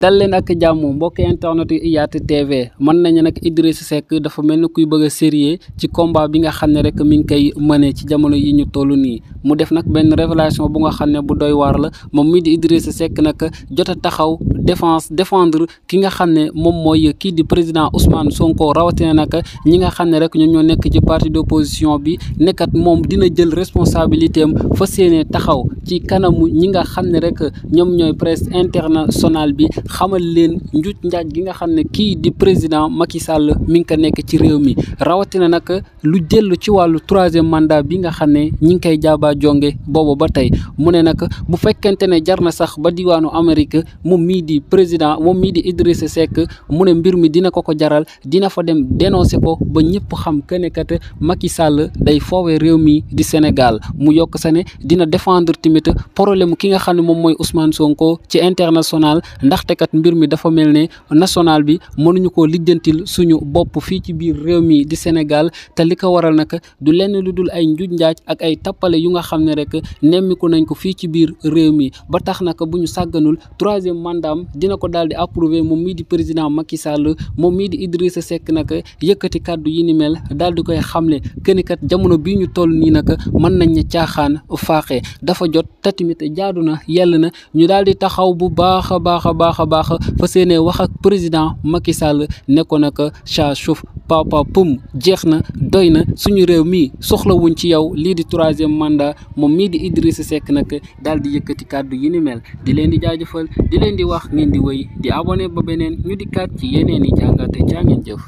dal leen ak jàmm mbokk internet yu IYAT TV mën nañu nag Idrissa Seck dafa mel ni kuy bëgg a sérieux ci combat bi nga xam ne rek mi ngi koy mëne ci jamono yi ñu toll nii mu def nag benn révélation bu nga xam ne bu doy waar la moom mii di Idrissa Seck nag jot a taxaw défense défendre ki nga xam ne moom mooy kii di président Ousmane Sonko rawatina nag ñi nga xam ne rek ñoom ñoo nekk ci parti d'opposition bi nekkat moom dina jël responsabilité am taxaw ci kanamu ñi nga xam ne rek ñoom ñooy presse internationale bi xamal leen njuuj njaaj gi nga xam ne kii di président Macky Sall mi ngi ko nekk ci réew mi rawatina nag lu jël ci wàllu troisième mandat bi nga xam ne ñi ngi koy jaabaa jonge boobu ba tey mu ne nag bu fekkente ne jar na sax ba diwaanu Amérique moom mii di président moom mii di Idrissa Seck mu ne mbir mi dina ko ko jaral dina fa dem dénoncer ko ba ñëpp xam que ne kat Macky Sall day foowee réew mi di Sénégal mu yokk sa ne dina défendre tamit problème ki nga xam ne moom mooy Ousmane Sonko ci international ndaxte kat mbir mi dafa mel ne national bi mënuñu ko lijjantil suñu bopp fii ci biir réew mi di Sénégal te li ko waral xam ne rek nemmiku nañ ko fii ci biir réew mi ba tax naka bu ñu sàgganul troisième mandat am dina ko daal di approuvé moom mii di président Macky Sall moom mii di sa Seck naka yëkkati kàddu yi ni mel daal di koy xamle kënikat jamono bii ñu toll nii naka mën nañ ne caaxaan faaxee dafa jot te tamit jaadu na yell na ñu daal di taxaw bu baax a baax a baax a baax fa seenee wax ak président Macky Sall ne ko naka saa suuf paaw paaw pum jeex na doy na suñu réew mii soxlawuñ ci yow lii di troisième mandat moom mii di Idrissa Seck nag daal di yëkkati kàddu yi ni mel di leen di jaajëfal di leen di wax ngeen di wéy di abonné ba beneen ñu di kat ci yeneen i jàngate jaa ngeen jëf